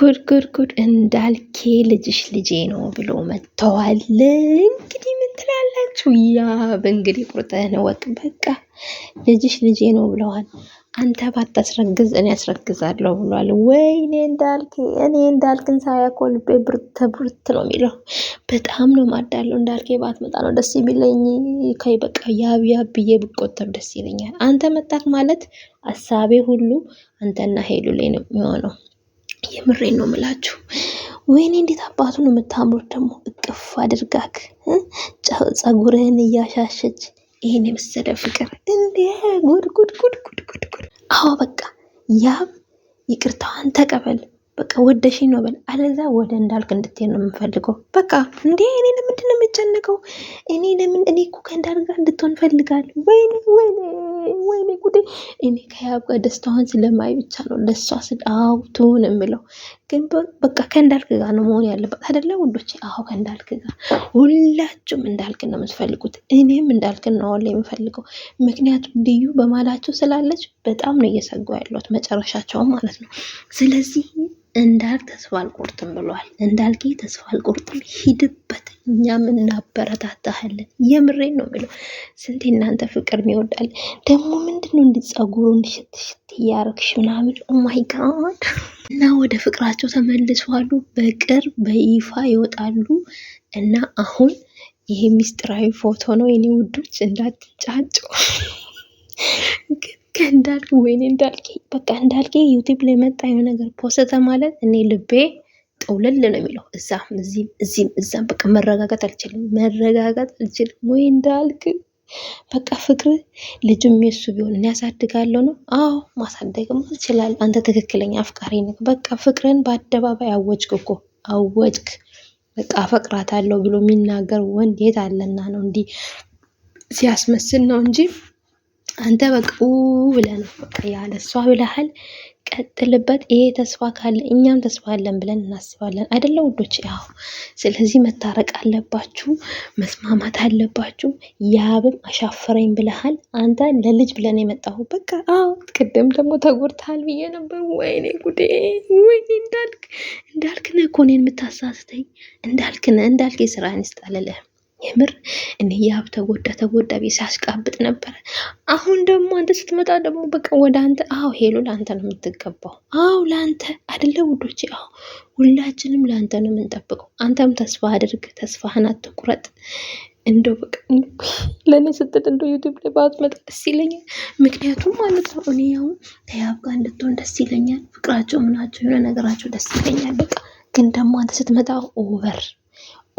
ጉድ ጉድ ጉድ እንዳልኬ ልጅሽ ልጄ ነው ብሎ መጥተዋል። እንግዲህ ምን ትላላችሁ? ያ በእንግዲህ ቁርጥህን ወቅ በቃ ልጅሽ ልጄ ነው ብለዋል። አንተ ባታስረግዝ እኔ አስረግዛለሁ ብሏል። ወይ እኔ እንዳልክ እኔ እንዳልክን ሳያኮ ልቤ ብርት ብርት ነው የሚለው። በጣም ነው ማዳለው። እንዳልክ ባትመጣ ነው ደስ የሚለኝ። ከይ በቃ ያብያ ብዬ ብቆጠብ ደስ ይለኛል። አንተ መጣት ማለት አሳቤ ሁሉ አንተና ሄሉ ላይ ነው የሚሆነው። የምሬን ነው የምላችሁ። ወይኔ እንዴት አባቱ ነው የምታምሩት ደግሞ እቅፍ አድርጋክ ጸጉርህን እያሻሸች ይሄን የመሰለ ፍቅር እንዴ! ጉድ ጉድ ጉድ ጉድ ጉድ ጉድ። አዎ በቃ ያብ ይቅርታዋን ተቀበል። በቃ ወደሽኝ ነው በል፣ አለዛ ወደ እንዳልክ እንድትሄድ ነው የምፈልገው። በቃ እንዴ እኔ የምጨነቀው? እኔ ለምን እኔ እኮ ከእንዳር ጋር እንድትሆን ፈልጋለሁ። ወይኔ ወይኔ ወይኔ ጉዴ! እኔ ከያብ ጋር ደስታዋን ስለማይ ብቻ ነው ለእሷ ስል አውቱን የምለው። ግን በቃ ከእንዳልክ ጋር ነው መሆን ያለበት አይደለ ውዶች? አሁ ከእንዳልክ ጋር ሁላችሁም እንዳልክ ነው የምትፈልጉት። እኔም እንዳልክ ነው አሁን የምፈልገው። ምክንያቱም ልዩ በማላቸው ስላለች በጣም ነው እየሰጉ ያለሁት መጨረሻቸውም ማለት ነው። ስለዚህ እንዳልክ ተስፋ አልቆርጥም ብሏል። እንዳልክ ተስፋ አልቆርጥም፣ ሂድበት፣ እኛም እናበረታታሃለን። የምሬን ነው የሚለው። ስንት እናንተ ፍቅር ይወዳል ደግሞ ምንድን ነው እንዲ ጸጉሩን ሽትሽት እያረግሽ ምናምን ኦማይ ጋድ። እና ወደ ፍቅራቸው ተመልሰዋሉ። በቅርብ በይፋ ይወጣሉ እና አሁን ይሄ ሚስጥራዊ ፎቶ ነው የኔ ውዶች፣ እንዳትጫጩ ግን እንዳልክ ወይኔ እንዳልክ በቃ እንዳልክ ዩቲብ ላይ መጣ የሆነ ነገር ፖስተ ማለት እኔ ልቤ ጠውለል ነው የሚለው። እዛም እዚህም እዚህም እዛም በቃ መረጋጋት አልችልም፣ መረጋጋት አልችልም። ወይ እንዳልክ በቃ ፍቅር ልጅም የሱ ቢሆን እኔ ያሳድጋለሁ ነው። አዎ ማሳደግም ይችላል። አንተ ትክክለኛ አፍቃሪ ነህ። በቃ ፍቅርን በአደባባይ አወጅክ እኮ አወጅክ። በቃ አፈቅራታለሁ ብሎ የሚናገር ወንድ የት አለና ነው? እንዲህ ሲያስመስል ነው እንጂ አንተ በቃ ብለህ ነው በቃ ያለ እሷ ብለሃል፣ ቀጥልበት። ይሄ ተስፋ ካለ እኛም ተስፋ አለን ብለን እናስባለን አይደለ ውዶች? ያው ስለዚህ መታረቅ አለባችሁ፣ መስማማት አለባችሁ። ያብም አሻፈረኝ ብለሃል። አንተ ለልጅ ብለን የመጣሁ በቃ አዎ። ቅድም ደግሞ ተጎድተሃል ብዬ ነበር። ወይኔ ጉዴ፣ ወይኔ እንዳልክ እንዳልክ ነህ እኮ እኔን የምታሳስተኝ እንዳልክ ነህ። እንዳልክ የስራህን ይስጥ የምር እኔ የሀብ ተጎዳ ተጎዳ ቤት ሲያስቃብጥ ነበረ። አሁን ደግሞ አንተ ስትመጣ ደግሞ በቃ ወደ አንተ አዎ፣ ሄሎ ለአንተ ነው የምትገባው። አዎ ለአንተ አደለ ውዶች? አዎ ሁላችንም ለአንተ ነው የምንጠብቀው። አንተም ተስፋ አድርግ፣ ተስፋህን አትቁረጥ። እንደው በቃ ለእኔ ስትል እንደ ዩቲብ ላይ ባትመጣ ደስ ይለኛል። ምክንያቱም ማለት ነው እኔ ያው ከያብ ጋር እንድትሆን ደስ ይለኛል። ፍቅራቸው ምናቸው የሆነ ነገራቸው ደስ ይለኛል። በቃ ግን ደግሞ አንተ ስትመጣ ኦቨር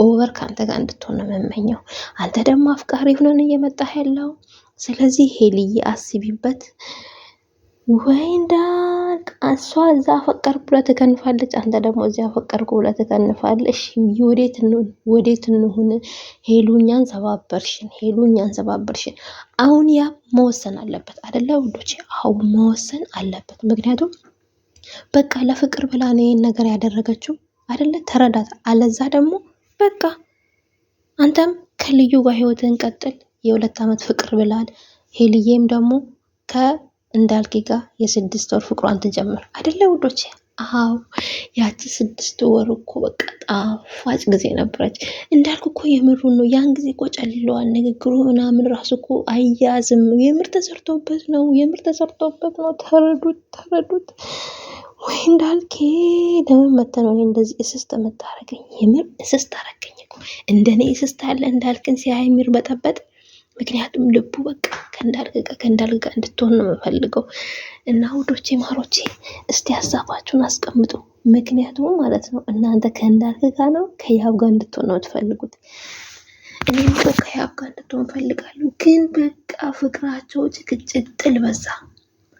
ኦቨር ከአንተ ጋር እንድትሆን ነው የምመኘው። አንተ ደግሞ አፍቃሪ ሆነን እየመጣ ያለው ስለዚህ ሄልዬ አስቢበት። ወይ እንዳልክ እሷ እዛ አፈቀርኩ ብላ ትከንፋለች፣ አንተ ደግሞ እዚህ አፈቀርኩ ብላ ትከንፋለች። ወዴት ወዴት እንሁን? ሄሉኛን ሰባበርሽን፣ ሄሉኛን ሰባበርሽን። አሁን ያ መወሰን አለበት አደለ ውዶች? አሁን መወሰን አለበት። ምክንያቱም በቃ ለፍቅር ብላ ነው ይህን ነገር ያደረገችው አደለ? ተረዳት። አለዛ ደግሞ በቃ አንተም ከልዩ ጋር ህይወትን ቀጥል፣ የሁለት ዓመት ፍቅር ብላል። ሄልዬም ደግሞ ከእንዳልኬ ጋር የስድስት ወር ፍቅሯን ትጀምር አይደለ ውዶች? አዎ ያቺ ስድስት ወር እኮ በቃ ጣፋጭ ጊዜ ነበረች። እንዳልኩ እኮ የምሩን ነው። ያን ጊዜ እኮ ጨልለዋል። ንግግሩ ምናምን ራሱ እኮ አያዝም። የምር ተሰርቶበት ነው። የምር ተሰርቶበት ነው። ተረዱት፣ ተረዱት። ወይ እንዳልኬ ለምን መተህ ነው እንደዚህ እስስት የምታረገኝ? የምር እስስት አረገኝ እኮ እንደኔ እስስት አለ እንዳልክን ሲያይ የሚርበጠበጥ ምክንያቱም ልቡ በቃ ከእንዳልክ ጋር ከእንዳልክ ጋር እንድትሆን ነው የምፈልገው። እና ውዶቼ ማሮቼ እስቲ ሀሳባችሁን አስቀምጡ። ምክንያቱም ማለት ነው እናንተ ከእንዳልክ ጋር ነው ከያብ ጋር እንድትሆን ነው የምትፈልጉት። እኔም እኮ ከያብ ጋር እንድትሆን እፈልጋለሁ፣ ግን በቃ ፍቅራቸው ጭቅጭቅ ጥል በዛ።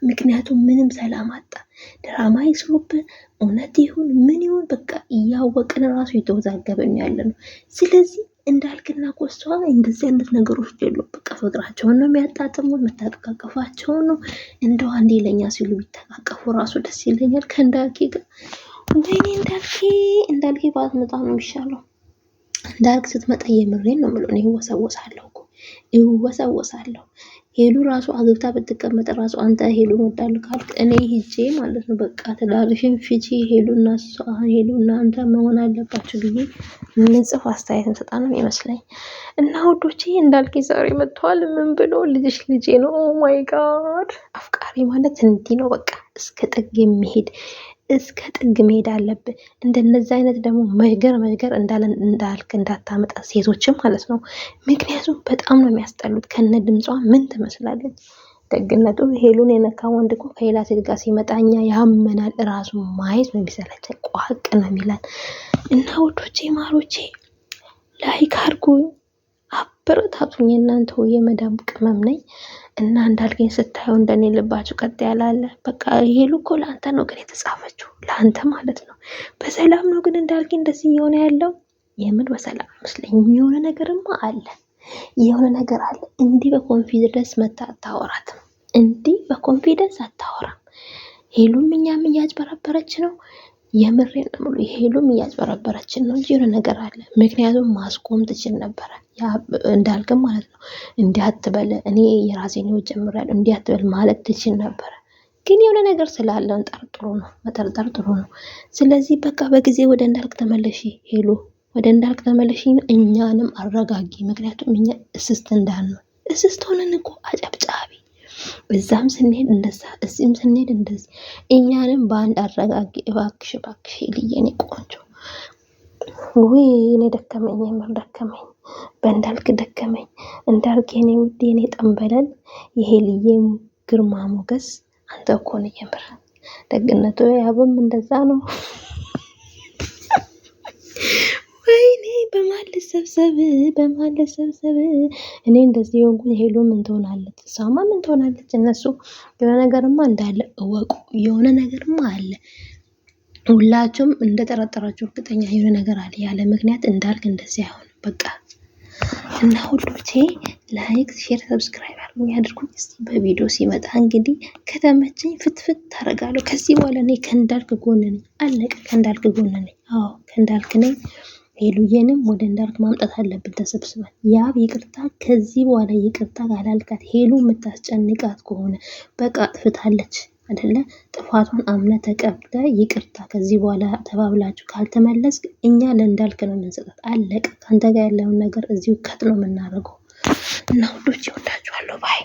ምክንያቱም ምንም ሰላም አጣ። ድራማ ይስሩብን እውነት ይሁን ምን ይሁን በቃ እያወቅን ራሱ የተወዛገበን ያለ ነው። ስለዚህ እንዳልክና ቆስቷ እንደዚህ አይነት ነገሮች ሁሉ በቃ ፍቅራቸውን ነው የሚያጣጥሙት፣ መታቀቃቀፋቸውን ነው። እንደው አንዴ ለኛ ሲሉ ቢተቃቀፉ ራሱ ደስ ይለኛል። ከእንዳልኬ ጋር እንደኔ እንዳልኬ እንዳልኬ ባትመጣ ነው የሚሻለው። እንዳልክ ስትመጣ የምሬን ነው የምለው እኔ እወሰወሳለሁ እኮ እወሰወሳለሁ። ሄሉ ራሱ አግብታ ብትቀመጥ ራሱ አንተ ሄሉን ወዳለሁ ካልክ እኔ ሂጄ ማለት ነው በቃ ትዳርሽን ፍቺ ሄሉና ሄሉ አንተ መሆን አለባችሁ ብዬ ምንጽፍ አስተያየት ምሰጣ ነው ይመስለኝ። እና ውዶቼ እንዳልክ ዛሬ መጥተዋል። ምን ብሎ ልጅሽ ልጄ ነው። ኦ ማይ ጋድ አፍቃሪ ማለት እንዲህ ነው በቃ እስከ ጥግ የሚሄድ እስከ ጥግ መሄድ አለብን። እንደነዚህ አይነት ደግሞ መዥገር መዥገር እንዳለን እንዳልክ እንዳታመጣ ሴቶችም ማለት ነው። ምክንያቱም በጣም ነው የሚያስጠሉት። ከነ ድምጿ ምን ትመስላለች? ደግነቱ ሄሉን የነካ ወንድ እኮ ከሌላ ሴት ጋር ሲመጣ እኛ ያመናል። እራሱ ማየት ነው የሚሰለቸን። ቋቅ ነው የሚለን እና ወዶቼ ማሮቼ ላይክ አድርጉ፣ አበረታቱኝ። እናንተው የመዳም ቅመም ነኝ። እና እንዳልገኝ ስታየው እንደኔ ልባችሁ ቀጥ ያላለ በቃ ሄሉ እኮ ለአንተ ነው ግን የተጻፈችው ለአንተ ማለት ነው። በሰላም ነው ግን እንዳልገኝ እንደዚህ እየሆነ ያለው የምን በሰላም መስለኝ የሆነ ነገርማ አለ የሆነ ነገር አለ። እንዲህ በኮንፊደንስ መታ አታወራትም። እንዲህ በኮንፊደንስ አታወራም። ሄሉም እኛም እያጭበረበረች ነው የምሬን ነው። ሄሉም እያጭበረበረችን ነው እንጂ የሆነ ነገር አለ። ምክንያቱም ማስቆም ትችል ነበረ እንዳልክም ማለት ነው። እንዲያትበል እኔ የራሴን ህይወት ጀምሬያለሁ እንዲያትበል ማለት ትችል ነበረ። ግን የሆነ ነገር ስላለን ጠርጥሩ ነው መጠርጠር ጥሩ ነው። ስለዚህ በቃ በጊዜ ወደ እንዳልክ ተመለሺ ሄሉ፣ ወደ እንዳልክ ተመለሺ። እኛንም አረጋጊ። ምክንያቱም እኛ እስስት እንዳን ነው። እስስት ሆነን እኮ አጨብጫቢ እዛም ስንሄድ እንደዛ እዚህም ስንሄድ እንደዚህ እኛንም በአንድ አረጋጊ። እባክሽ እባክሽ ልየኔ ቆንጆ ውይ እኔ ደከመኝ፣ የምር ደከመኝ፣ በእንዳልክ ደከመኝ። እንዳልክ የኔ ውድ የኔ ጠንበለል ይሄ ልዬ ግርማ ሞገስ አንተ እኮ ነው የምር ደግነቱ። ያብም እንደዛ ነው። ሰብሰብ በመሀል ሰብሰብ እኔ እንደዚህ የሆንኩኝ ሄሎ ምን ትሆናለች? እሷማ ምን ትሆናለች? እነሱ የሆነ ነገርማ እንዳለ እወቁ። የሆነ ነገርማ አለ። ሁላችሁም እንደጠረጠራችሁ እርግጠኛ የሆነ ነገር አለ። ያለ ምክንያት እንዳልክ እንደዚህ አይሆን በቃ እና ሁሉቼ ላይክ፣ ሼር፣ ሰብስክራይብ አድርጉ ያድርጉ። እስቲ በቪዲዮ ሲመጣ እንግዲህ ከተመቸኝ ፍትፍት ታደርጋለሁ። ከዚህ በኋላ እኔ ከእንዳልክ ጎን ነኝ። አለቀ። ከእንዳልክ ጎን ነኝ። አዎ ከእንዳልክ ነኝ። ሄሉዬንም ወደ እንዳልክ ማምጣት አለብን ተሰብስበን። ያብ ይቅርታ ከዚህ በኋላ ይቅርታ ካላልካት ሄሉ የምታስጨንቃት ከሆነ በቃ አጥፍታለች አይደለ? ጥፋቷን አምነ ተቀብለ ይቅርታ ከዚህ በኋላ ተባብላችሁ ካልተመለስ እኛ ለእንዳልክ ነው የምንሰጣት። አለቀ። ከአንተ ጋር ያለውን ነገር እዚሁ ከት ነው የምናደርገው እና ሁሎች ይወዳችኋለሁ ባይ